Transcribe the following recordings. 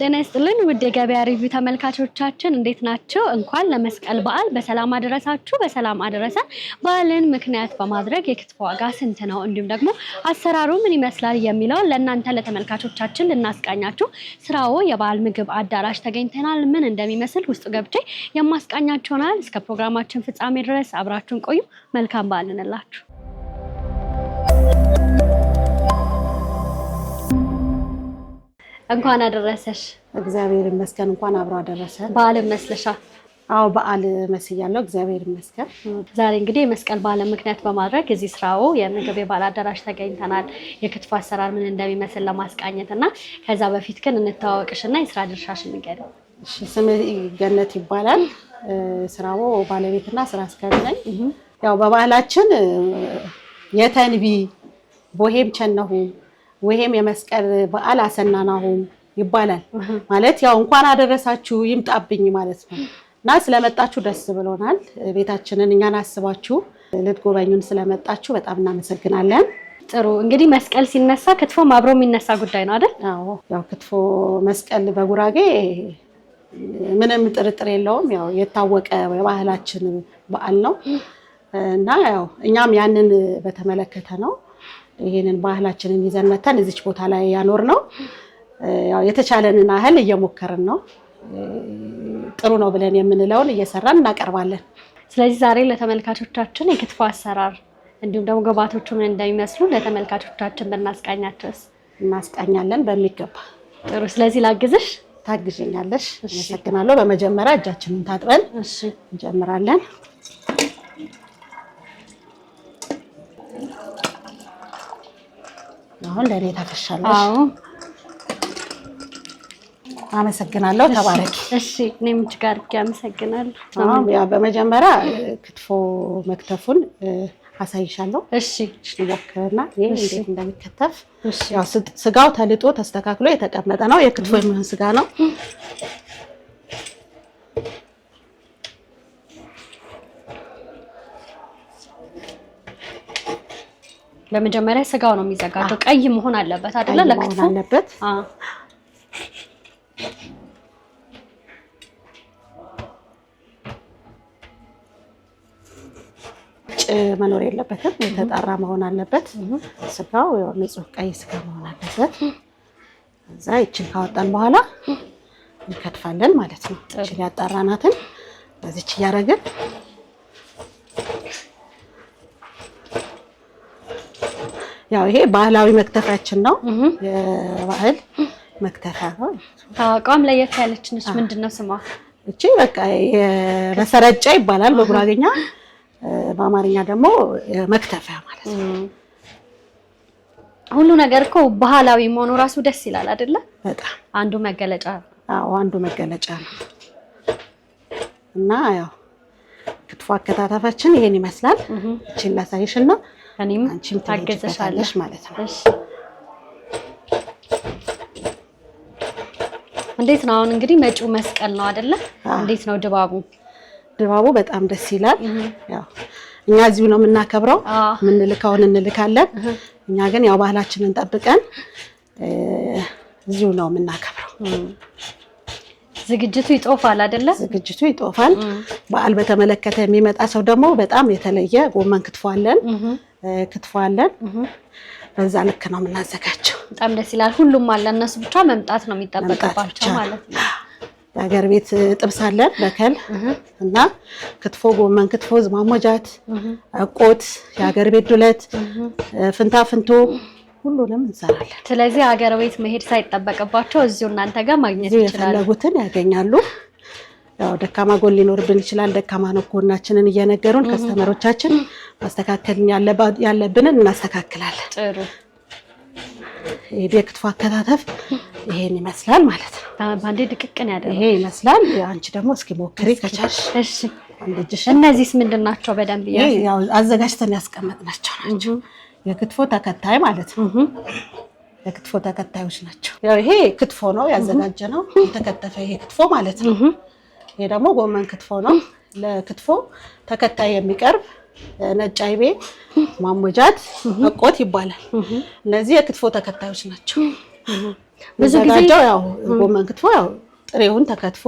ሰላም ጤና ይስጥልን ውድ የገበያ ሪቪው ተመልካቾቻችን እንዴት ናቸው? እንኳን ለመስቀል በዓል በሰላም አደረሳችሁ፣ በሰላም አደረሰ። በዓልን ምክንያት በማድረግ የክትፎ ዋጋ ስንት ነው፣ እንዲሁም ደግሞ አሰራሩ ምን ይመስላል የሚለው ለእናንተ ለተመልካቾቻችን ልናስቃኛችሁ ስራው የበዓል ምግብ አዳራሽ ተገኝተናል። ምን እንደሚመስል ውስጡ ገብቼ የማስቃኛችሁናል። እስከ ፕሮግራማችን ፍጻሜ ድረስ አብራችሁን ቆዩ። መልካም በዓል እንላችሁ። እንኳን አደረሰሽ። እግዚአብሔር ይመስገን። እንኳን አብሮ አደረሰ። በዓልን መስለሻ? አዎ በዓል መስያለሁ። እግዚአብሔር ይመስገን። ዛሬ እንግዲህ የመስቀል በዓልን ምክንያት በማድረግ እዚህ ስራው የምግብ የበዓል አዳራሽ ተገኝተናል የክትፎ አሰራር ምን እንደሚመስል ለማስቃኘት እና ከዛ በፊት ግን እንተዋወቅሽና የስራ ድርሻሽ ንገሪ። ስም ገነት ይባላል። ስራው ባለቤትና ስራ አስኪያጅ ነኝ። ያው በባህላችን የተንቢ ቦሄም ቸነሁ ወይም የመስቀል በዓል አሰናናሁም ይባላል። ማለት ያው እንኳን አደረሳችሁ ይምጣብኝ ማለት ነው እና ስለመጣችሁ ደስ ብሎናል። ቤታችንን እኛን አስባችሁ ልትጎበኙን ስለመጣችሁ በጣም እናመሰግናለን። ጥሩ እንግዲህ መስቀል ሲነሳ ክትፎም አብሮ የሚነሳ ጉዳይ ነው አይደል? አዎ ያው ክትፎ መስቀል በጉራጌ ምንም ጥርጥር የለውም። ያው የታወቀ የባህላችን በዓል ነው እና ያው እኛም ያንን በተመለከተ ነው ይሄንን ባህላችንን ይዘን መተን እዚች ቦታ ላይ ያኖር ነው። ያው የተቻለንን ያህል እየሞከርን ነው። ጥሩ ነው ብለን የምንለውን እየሰራን እናቀርባለን። ስለዚህ ዛሬ ለተመልካቾቻችን የክትፎ አሰራር እንዲሁም ደግሞ ግብአቶቹ ምን እንደሚመስሉ ለተመልካቾቻችን ብናስቃኛቸውስ? እናስቃኛለን በሚገባ ጥሩ። ስለዚህ ላግዝሽ። ታግዥኛለሽ? አመሰግናለሁ። በመጀመሪያ እጃችንን ታጥበን እንጀምራለን። አሁን ለእኔ ታፈሻለሽ። አመሰግናለሁ። ተባረኪ። እሺ፣ እኔም እጅግ ጋር አመሰግናለሁ። በመጀመሪያ ክትፎ መክተፉን አሳይሻለሁ። እሺ፣ ሞክርና ይህ እንዴት እንደሚከተፍ ስጋው ተልጦ ተስተካክሎ የተቀመጠ ነው። የክትፎ የሚሆን ስጋ ነው። በመጀመሪያ ስጋው ነው የሚዘጋጀው። ቀይ መሆን አለበት አይደለ? ለክትፎ አለበት። መኖር የለበትም። የተጣራ መሆን አለበት። ስጋው ንጹህ ቀይ ስጋ መሆን አለበት። እዛ ይችን ካወጣን በኋላ እንከትፋለን ማለት ነው። ይችን ያጣራናትን በዚች እያደረግን ያው ይሄ ባህላዊ መክተፊያችን ነው። የባህል መክተፊያ ነው። ታዋቋም ለየት ያለች ነች። ምንድን ነው ስሟ? እቺ በቃ የመሰረጫ ይባላል በጉራጌኛ፣ በአማርኛ ደግሞ መክተፊያ ማለት ነው። ሁሉ ነገር እኮ ባህላዊ መሆኑ ራሱ ደስ ይላል አይደለ? በጣም አንዱ መገለጫ አዎ አንዱ መገለጫ ነው። እና ያው ክትፎ አከታተፋችን ይሄን ይመስላል። እቺን ላሳይሽ እና እኔም ታገዘሻለሽ ማለት ነው። እንዴት ነው አሁን እንግዲህ መጪው መስቀል ነው አይደለ? እንዴት ነው ድባቡ? ድባቡ በጣም ደስ ይላል። ያው እኛ እዚሁ ነው የምናከብረው፣ የምንልከውን እንልካለን። እኛ ግን ያው ባህላችንን ጠብቀን እዚሁ ነው የምናከብረው። ዝግጅቱ ይጦፋል አይደለ? ዝግጅቱ ይጦፋል። በዓል በተመለከተ የሚመጣ ሰው ደግሞ በጣም የተለየ ጎመን ክትፎ አለን፣ ክትፎ አለን። በዛ ልክ ነው የምናዘጋጀው። በጣም ደስ ይላል። ሁሉም አለ። እነሱ ብቻ መምጣት ነው የሚጠበቅባቸው ማለት ነው። የሀገር ቤት ጥብስ አለን በከል እና ክትፎ፣ ጎመን ክትፎ፣ ዝማሞጃት፣ ቆት፣ የሀገር ቤት ዱለት፣ ፍንታ ፍንቶ ሁሉንም እንሰራለን። ስለዚህ ሀገር ቤት መሄድ ሳይጠበቅባቸው እዚሁ እናንተ ጋር ማግኘት ይችላሉ። የፈለጉትን ያገኛሉ። ያው ደካማ ጎን ሊኖርብን ይችላል። ደካማ ነው ጎናችንን እየነገሩን ከስተመሮቻችን ማስተካከል ያለብንን እናስተካክላለን። ጥሩ የክትፎ አከታተፍ ይሄን ይመስላል ማለት ነው። ድቅቅን ያደ ይሄ ይመስላል። አንቺ ደግሞ እስኪ ሞክሪ ከቻልሽ። እሺ እነዚህስ ምንድን ናቸው? በደንብ አዘጋጅተን ያስቀመጥናቸው ናቸው። የክትፎ ተከታይ ማለት ነው። የክትፎ ተከታዮች ናቸው። ያው ይሄ ክትፎ ነው ያዘጋጀ ነው የተከተፈ ይሄ ክትፎ ማለት ነው። ይሄ ደግሞ ጎመን ክትፎ ነው። ለክትፎ ተከታይ የሚቀርብ ነጭ አይቤ ማሞጃት መቆት ይባላል። እነዚህ የክትፎ ተከታዮች ናቸው። ብዙ ጊዜ ያው ጎመን ክትፎ ያው ጥሬውን ተከትፎ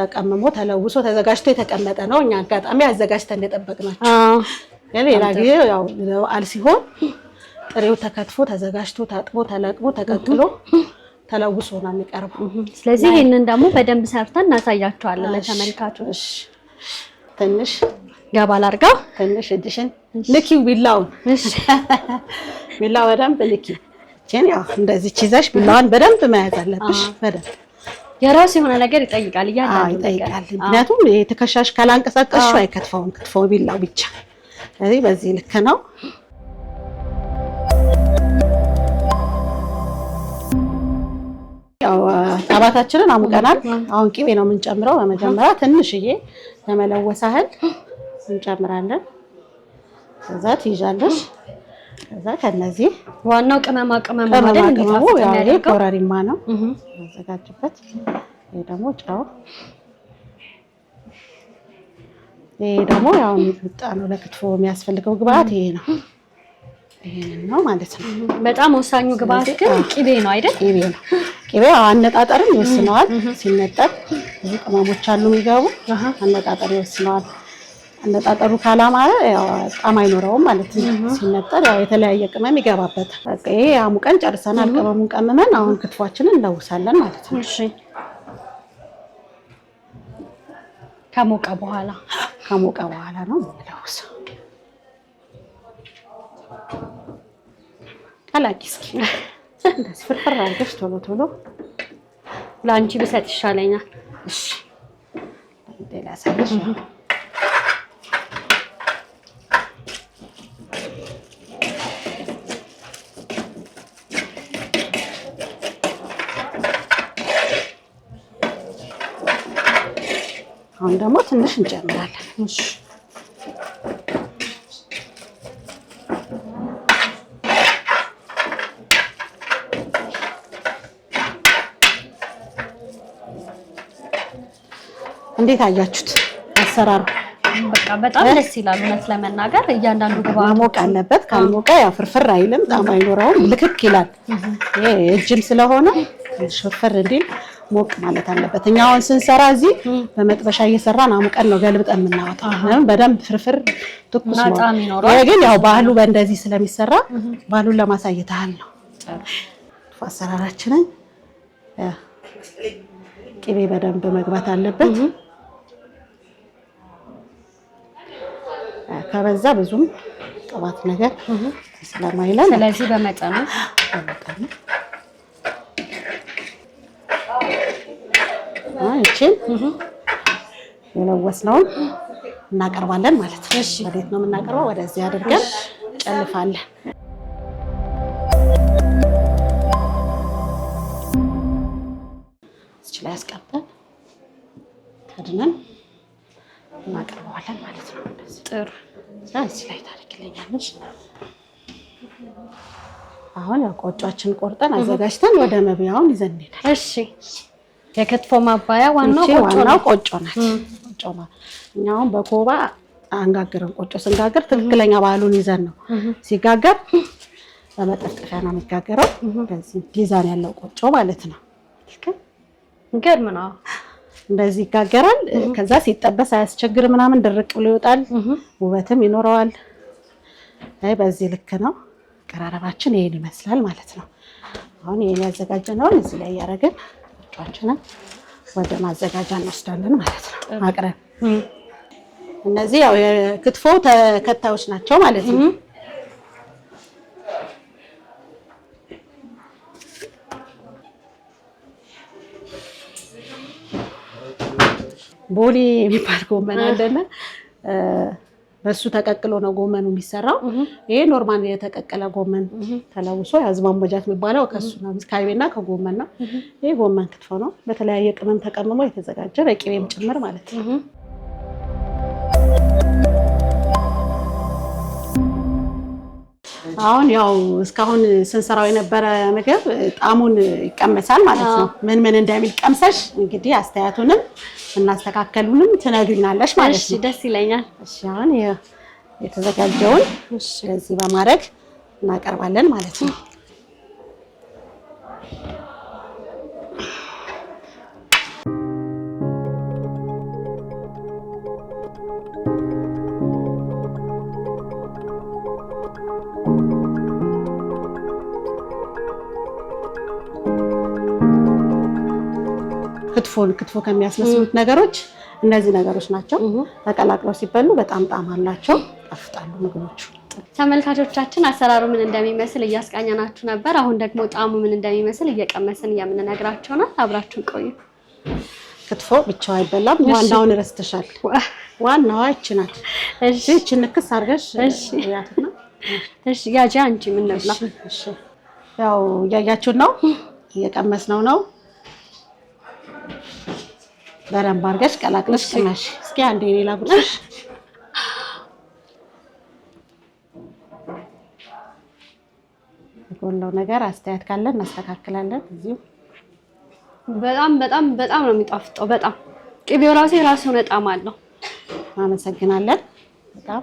ተቀምሞ ተለውሶ ተዘጋጅቶ የተቀመጠ ነው። እኛ አጋጣሚ አዘጋጅተን የጠበቅናቸው ሌላ ጊዜ ያው በዓል ሲሆን ጥሬው ተከትፎ ተዘጋጅቶ ታጥቦ ተለቅሞ ተቀቅሎ ተለውሶ ነው የሚቀርበው። ስለዚህ ይህንን ደግሞ በደንብ ሰርተን እናሳያቸዋለን ለተመልካቾች። ትንሽ ገባ ላድርገው። ትንሽ እጅሽን ልኪው ቢላውን፣ ቢላ በደንብ ያው እንደዚህ ቢላዋን በደንብ መያዝ አለብሽ። በደንብ የራሱ የሆነ ነገር ይጠይቃል፣ እያለ ይጠይቃል። ምክንያቱም ትከሻሽ ካላንቀሳቀስሽው አይከትፈውም፣ ክትፈው ቢላው ብቻ ስለዚህ በዚህ ልክ ነው። ያው ጣባታችንን አሙቀናል። አሁን ቂቤ ነው የምንጨምረው። በመጀመሪያ ትንሽዬ ለመለወስ ያህል እንጨምራለን። ከዛ ትይዣለሽ። ከዛ ከነዚህ ዋናው ቅመማ ቅመማ ማለት ነው። ቆረሪማ ነው አዘጋጅበት። ይሄ ደግሞ ጫው ይሄ ደግሞ ያው የሚወጣ ነው። ለክትፎ የሚያስፈልገው ግብአት ይሄ ነው። ነው ማለት ነው። በጣም ወሳኙ ግብአት ግን ቂቤ ነው አይደል? ቂቤ ነው። ቂቤ አነጣጠርን ይወስነዋል። ሲነጠብ ብዙ ቅመሞች አሉ የሚገቡ፣ አነጣጠር ይወስነዋል። አነጣጠሩ ካላማረ ያው ጣዕም አይኖረውም ማለት ነው። ሲነጠር ያው የተለያየ ቅመም ይገባበታል። በቃ ይሄ አሙቀን ጨርሰናል። ቅመሙን ቀምመን አሁን ክትፏችንን እንለውሳለን ማለት ነው። እሺ ከሞቀ በኋላ ከሞቀ በኋላ ነው ቀላቂ እስኪ እንደዚህ ፍርፍር አድርገሽ ቶሎ ቶሎ ለአንቺ ብሰጥ ይሻለኛል። እሺ ሌላ ደግሞ ትንሽ እንጨምራለን። እንዴት አያችሁት? አሰራሩ በቃ በጣም ደስ ይላል። እውነት ለመናገር እያንዳንዱ ግባ መሞቅ አለበት። ካልሞቀ ያው ፍርፍር አይልም፣ ጣዕም አይኖረውም፣ ልክክ ይላል። ይሄ እጅም ስለሆነ ሽፍር እንዲል ሞቅ ማለት አለበት። እኛ አሁን ስንሰራ እዚህ በመጥበሻ እየሰራን አሙቀን ነው ገልብጠን የምናወጣው። በደንብ ፍርፍር ትኩስ ነው። ግን ያው ባህሉ በእንደዚህ ስለሚሰራ ባህሉን ለማሳየት ያህል ነው። አሰራራችንን ቅቤ በደንብ መግባት አለበት። ከበዛ ብዙም ቅባት ነገር ስለማይለን ስለዚህ በመጠኑ እቺን የለወስነውን እናቀርባለን ማለት ነው። ወዴት ነው የምናቀርበው? ወደዚህ አድርገን ጨልፋለን። እዚህ ላይ አስቀምጠን ከድነን እናቀርበዋለን ማለት ነው። ጥሩ። እዚህ ላይ ታደርግልኛለች። አሁን ያው ቆጯችን ቆርጠን አዘጋጅተን ወደ መብያውን ይዘን እንሄዳለን። እሺ የክትፎ ማባያ ዋናው ቆጮ ናት። እኛውም በኮባ አንጋግርም። ቆጮ ስንጋግር ትክክለኛ ባህሉን ይዘን ነው። ሲጋገር በመጠፍጠፊያ ነው የሚጋገረው። በዚህ ዲዛይን ያለው ቆጮ ማለት ነው። ገርም ነው። እንደዚህ ይጋገራል። ከዛ ሲጠበስ አያስቸግር ምናምን ድርቅ ብሎ ይወጣል። ውበትም ይኖረዋል። በዚህ ልክ ነው። አቀራረባችን ይሄን ይመስላል ማለት ነው። አሁን ይሄን ያዘጋጀነውን እዚህ ላይ እያደረግን ወጦቻችንን ወደ ማዘጋጃ እንወስዳለን ማለት ነው። አቅረን እነዚህ ያው የክትፎ ተከታዮች ናቸው ማለት ነው። ቦሌ የሚባል ጎመን አለና እሱ ተቀቅሎ ነው ጎመኑ የሚሰራው። ይሄ ኖርማል የተቀቀለ ጎመን ተለውሶ ያዝማሞጃት የሚባለው ከሱ ነው፣ ከአይቤና ከጎመን ነው። ይሄ ጎመን ክትፎ ነው፣ በተለያየ ቅመም ተቀምሞ የተዘጋጀ በቂቤም ጭምር ማለት ነው። አሁን ያው እስካሁን ስንሰራው የነበረ ምግብ ጣዕሙን ይቀመሳል ማለት ነው። ምን ምን እንደሚል ቀምሰሽ እንግዲህ አስተያየቱንም እናስተካከሉንም ትነግሪናለሽ ማለት ነው። ደስ ይለኛል። እሺ፣ አሁን የተዘጋጀውን በዚህ በማድረግ እናቀርባለን ማለት ነው። ክትፎን ክትፎ ከሚያስመስሉት ነገሮች እነዚህ ነገሮች ናቸው። ተቀላቅለው ሲበሉ በጣም ጣዕም አላቸው፣ ጣፍጣሉ ምግቦቹ። ተመልካቾቻችን አሰራሩ ምን እንደሚመስል እያስቃኘናችሁ ነበር። አሁን ደግሞ ጣዕሙ ምን እንደሚመስል እየቀመስን የምንነግራችሁ ናት። አብራችሁን ቆዩ። ክትፎ ብቻው አይበላም። ዋናውን ረስተሻል። ዋናዋ ይቺ ናት። እሺ፣ ይቺ ንክስ አድርገሽ እሺ። እሺ፣ ያጂ አንቺ ምን ነብላ? እሺ፣ ነው፣ ነው በደንብ አድርገሽ ቀላቅለሽ ቅመሽ። እስኪ አንዴ ሌላ ብርሽ የጎላው ነገር አስተያየት ካለን እናስተካክላለን። እዚሁ በጣም በጣም በጣም ነው የሚጣፍጠው። በጣም ቅቤው ራሴ ራሱ ነው ጣዕም አለው። አመሰግናለን። በጣም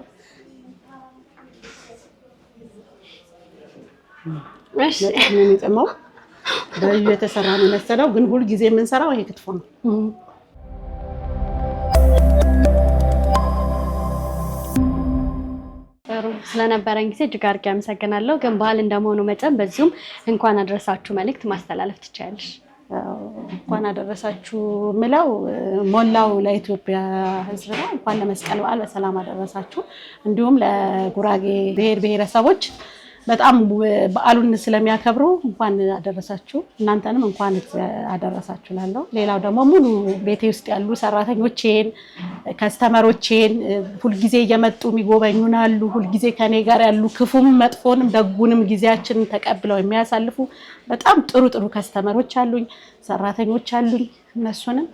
እሺ፣ ነው የሚጥመው በዩ የተሰራ ነው የመሰለው፣ ግን ሁልጊዜ የምንሰራው ይሄ ክትፎ ነው። ስለነበረን ጊዜ እጅግ አድርጌ አመሰግናለሁ። ግን ባህል እንደመሆኑ መጠን በዚሁም እንኳን አደረሳችሁ መልእክት ማስተላለፍ ትችያለሽ። እንኳን አደረሳችሁ ምለው ሞላው ለኢትዮጵያ ሕዝብ ነው። እንኳን ለመስቀል በዓል በሰላም አደረሳችሁ። እንዲሁም ለጉራጌ ብሔር ብሔረሰቦች በጣም በዓሉን ስለሚያከብሩ እንኳን አደረሳችሁ፣ እናንተንም እንኳን አደረሳችሁ ላለው። ሌላው ደግሞ ሙሉ ቤቴ ውስጥ ያሉ ሰራተኞቼን፣ ከስተመሮቼን ሁልጊዜ እየመጡ የሚጎበኙን አሉ። ሁልጊዜ ከኔ ጋር ያሉ ክፉም፣ መጥፎንም፣ ደጉንም ጊዜያችንን ተቀብለው የሚያሳልፉ በጣም ጥሩ ጥሩ ከስተመሮች አሉኝ፣ ሰራተኞች አሉኝ እነሱንም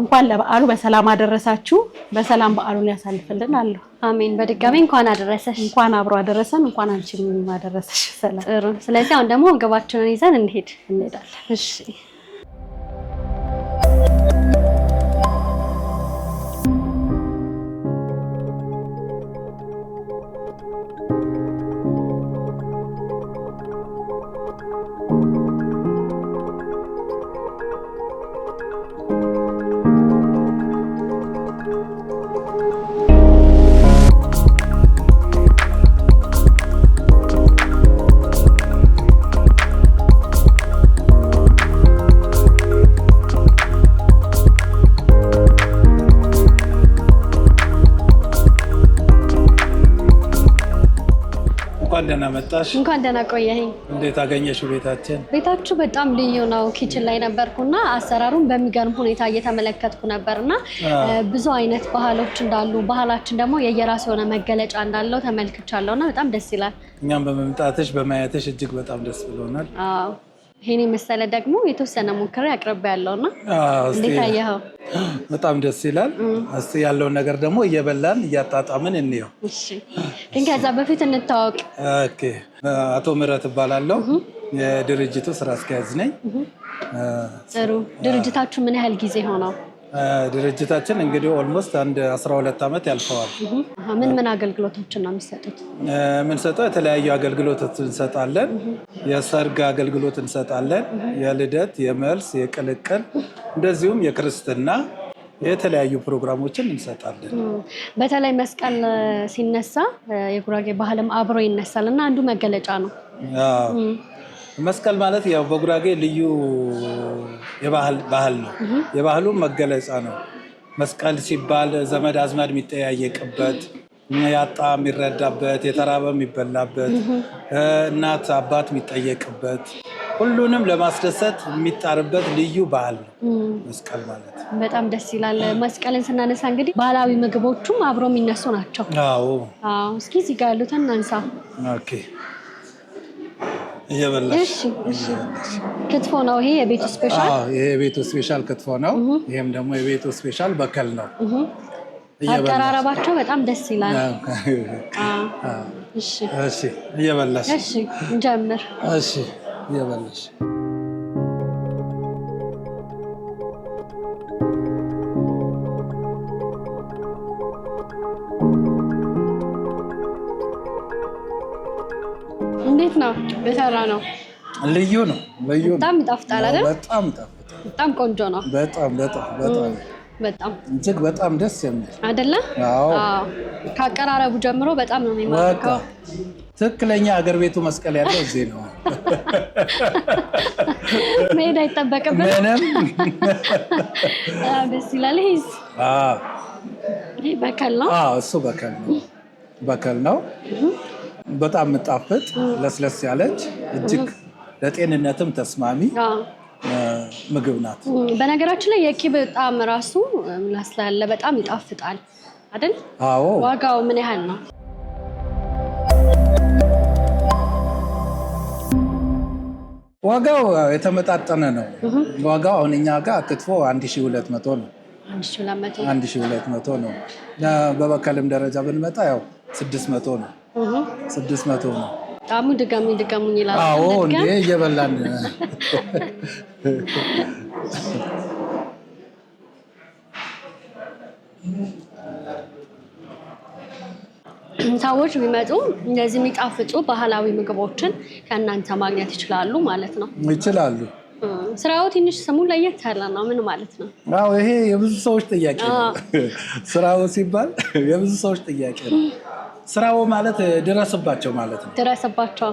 እንኳን ለበዓሉ በሰላም አደረሳችሁ። በሰላም በዓሉን ያሳልፍልን አለሁ። አሜን። በድጋሚ እንኳን አደረሰሽ። እንኳን አብሮ አደረሰን። እንኳን አንቺም አደረሰሽ። ሰላም ጥሩ። ስለዚህ አሁን ደግሞ ግባችንን ይዘን እንሄድ እንሄዳለን። እሺ መጣሽ። እንኳን ደህና ቆየኸኝ። እንዴት አገኘሽው ቤታችን? ቤታችሁ በጣም ልዩ ነው። ኪችን ላይ ነበርኩና አሰራሩን በሚገርም ሁኔታ እየተመለከትኩ ነበርና ብዙ አይነት ባህሎች እንዳሉ ባህላችን ደግሞ የየራሱ የሆነ መገለጫ እንዳለው ተመልክቻለሁና በጣም ደስ ይላል። እኛም በመምጣትሽ በማየትሽ እጅግ በጣም ደስ ብሎናል። ይሄን የመሰለ ደግሞ የተወሰነ ሙከራ ያቅርብ ያለውና እንዴት አየኸው? በጣም ደስ ይላል። እስቲ ያለውን ነገር ደግሞ እየበላን እያጣጣምን እንየው። ግን ከዛ በፊት እንታወቅ። አቶ ምረት እባላለሁ የድርጅቱ ስራ አስኪያጅ ነኝ። ጥሩ። ድርጅታችሁ ምን ያህል ጊዜ ሆነው? ድርጅታችን እንግዲህ ኦልሞስት አንድ 12 ዓመት ያልፈዋል። ምን ምን አገልግሎቶችን ነው የሚሰጡት? የምንሰጠው የተለያዩ አገልግሎቶች እንሰጣለን። የሰርግ አገልግሎት እንሰጣለን፣ የልደት፣ የመልስ፣ የቅልቅል እንደዚሁም የክርስትና የተለያዩ ፕሮግራሞችን እንሰጣለን። በተለይ መስቀል ሲነሳ የጉራጌ ባህልም አብሮ ይነሳል እና አንዱ መገለጫ ነው መስቀል ማለት ያው በጉራጌ ልዩ ባህል ነው። የባህሉ መገለጫ ነው። መስቀል ሲባል ዘመድ አዝማድ የሚጠያየቅበት ያጣ የሚረዳበት፣ የተራበ የሚበላበት፣ እናት አባት የሚጠየቅበት፣ ሁሉንም ለማስደሰት የሚጣርበት ልዩ ባህል ነው መስቀል ማለት። በጣም ደስ ይላል። መስቀልን ስናነሳ እንግዲህ ባህላዊ ምግቦቹም አብረው የሚነሱ ናቸው። አዎ፣ እስኪ እዚህ ያሉትን እናንሳ። ኦኬ እየበላሽ ክትፎ ነው። ይሄ የቤቱ ስፔሻል ይሄ የቤቱ ስፔሻል ክትፎ ነው። ይሄም ደግሞ የቤቱ ስፔሻል በከል ነው። አቀራረባቸው በጣም ደስ ይላል። እየበላሽ እሺ፣ እየበላሽ የሰራ ነው። ልዩ ነው። ልዩ በጣም ይጣፍጣል አይደል? በጣም ይጣፍጣል። በጣም ቆንጆ ነው። በጣም በጣም በጣም በጣም እጅግ በጣም ደስ የሚል አይደለ? አዎ። ከአቀራረቡ ጀምሮ በጣም ነው የሚማርከው። ትክክለኛ አገር ቤቱ መስቀል ያለው እዚህ ነው። መሄድ አይጠበቅብን ምንም። ደስ ይላል። ይሄ በከል ነው። እሱ በከል ነው። በከል ነው በጣም የምጣፍጥ ለስለስ ያለች እጅግ ለጤንነትም ተስማሚ ምግብ ናት። በነገራችን ላይ የቂብ ጣም ራሱ ስላለ በጣም ይጣፍጣል አይደል? አዎ። ዋጋው ምን ያህል ነው? ዋጋው የተመጣጠነ ነው። ዋጋው አሁን እኛ ጋር ክትፎ 1200 ነው። 1200 ነው። በበከልም ደረጃ ብንመጣ ያው 600 ነው። ስድስት መቶ ነው። ጣሙ ድጋሚ ድጋሙ ይላል። አዎ እንዴ እየበላን ሰዎች ቢመጡ እንደዚህ የሚጣፍጡ ባህላዊ ምግቦችን ከእናንተ ማግኘት ይችላሉ ማለት ነው። ይችላሉ። ስራው ትንሽ ስሙ ለየት ያለ ነው። ምን ማለት ነው? አዎ ይሄ የብዙ ሰዎች ጥያቄ ነው። ስራው ሲባል የብዙ ሰዎች ጥያቄ ነው። ስራው ማለት ድረስባቸው ማለት ነው። ድረስባቸው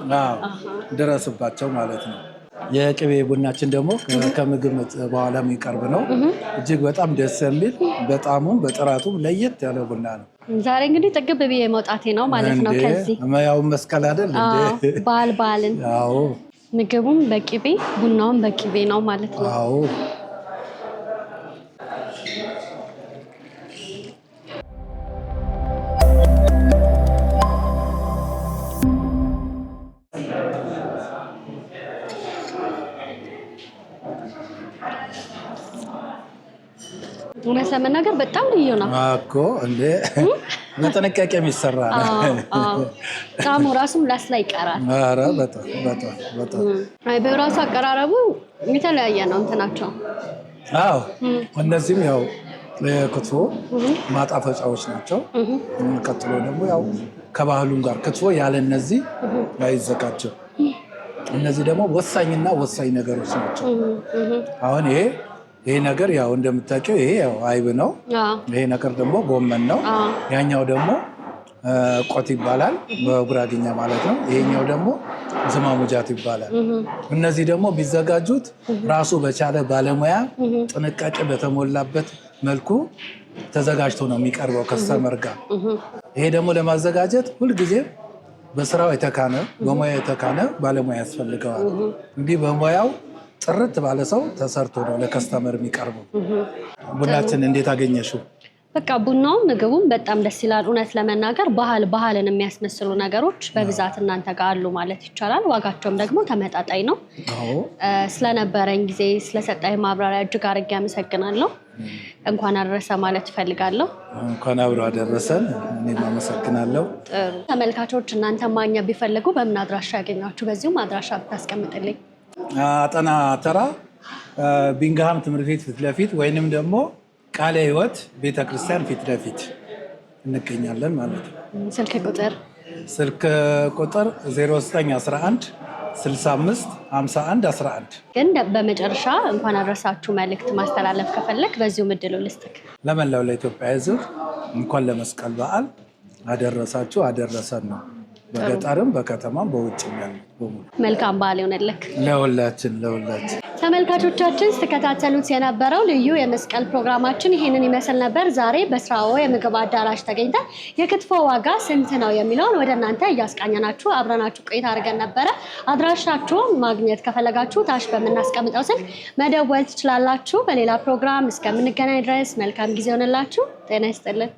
ድረስባቸው ማለት ነው። የቅቤ ቡናችን ደግሞ ከምግብ በኋላ የሚቀርብ ነው። እጅግ በጣም ደስ የሚል በጣሙም በጥራቱም ለየት ያለ ቡና ነው። ዛሬ እንግዲህ ጥግብ ብዬ መውጣቴ ነው ማለት ነው። ከዚህ ያው መስቀል አይደል በዓል በዓልን ምግቡም በቅቤ ቡናውም በቅቤ ነው ማለት ነው። እውነት ለመናገር በጣም ልዩ ነው እኮ እንዴ! በጥንቃቄ የሚሰራ ጣሙ ራሱም ላስ ላይ ይቀራል። በራሱ አቀራረቡ የተለያየ ነው እንትናቸው። አዎ እነዚህም ያው ክትፎ ማጣፈጫዎች ናቸው። ቀጥሎ ደግሞ ያው ከባህሉም ጋር ክትፎ ያለ እነዚህ አይዘጋጀም። እነዚህ ደግሞ ወሳኝና ወሳኝ ነገሮች ናቸው። አሁን ይሄ ይሄ ነገር ያው እንደምታውቂው ይሄ ያው አይብ ነው። ይሄ ነገር ደግሞ ጎመን ነው። ያኛው ደግሞ ቆት ይባላል በጉራግኛ ማለት ነው። ይሄኛው ደግሞ ዝማሙጃት ይባላል። እነዚህ ደግሞ ቢዘጋጁት ራሱ በቻለ ባለሙያ ጥንቃቄ በተሞላበት መልኩ ተዘጋጅቶ ነው የሚቀርበው ከስተመር ጋር። ይሄ ደግሞ ለማዘጋጀት ሁልጊዜ በስራው የተካነ በሙያ የተካነ ባለሙያ ያስፈልገዋል። እንዲህ በሙያው ጥርት ባለ ሰው ተሰርቶ ነው ለከስተመር የሚቀርበው። ቡናችን እንዴት አገኘሽው? በቃ ቡናውም ምግቡም በጣም ደስ ይላል። እውነት ለመናገር ባህል ባህልን የሚያስመስሉ ነገሮች በብዛት እናንተ ጋር አሉ ማለት ይቻላል። ዋጋቸውም ደግሞ ተመጣጣኝ ነው። ስለነበረኝ ጊዜ ስለሰጣኝ ማብራሪያ እጅግ አድርጌ አመሰግናለሁ። እንኳን አደረሰ ማለት እፈልጋለሁ። እንኳን አብሮ አደረሰን። እኔ አመሰግናለሁ። ጥሩ ተመልካቾች፣ እናንተ ማግኘት ቢፈልጉ በምን አድራሻ ያገኛችሁ? በዚሁም አድራሻ ብታስቀምጥልኝ አጠና ተራ ቢንግሃም ትምህርት ቤት ፊት ለፊት ወይንም ደግሞ ቃለ ህይወት ቤተክርስቲያን ፊት ለፊት እንገኛለን ማለት ነው። ስልክ ቁጥር ስልክ ቁጥር 0911 65 51 11 ግን በመጨረሻ እንኳን አድረሳችሁ መልእክት ማስተላለፍ ከፈለግ በዚሁ ምድሉ ልስትክ ለመላው ለኢትዮጵያ ህዝብ እንኳን ለመስቀል በዓል አደረሳችሁ አደረሰን ነው። በገጠርም በከተማም በውጭ ያሉ መልካም በዓል ይሆንልክ። ለሁላችን ለሁላችን ተመልካቾቻችን ስትከታተሉት የነበረው ልዩ የመስቀል ፕሮግራማችን ይህንን ይመስል ነበር። ዛሬ በስራዎ የምግብ አዳራሽ ተገኝተ የክትፎ ዋጋ ስንት ነው የሚለውን ወደ እናንተ እያስቃኘናችሁ አብረናችሁ ቆይታ አድርገን ነበረ። አድራሻችሁን ማግኘት ከፈለጋችሁ ታች በምናስቀምጠው ስልክ መደወል ትችላላችሁ። በሌላ ፕሮግራም እስከምንገናኝ ድረስ መልካም ጊዜ ሆንላችሁ። ጤና ይስጥልን።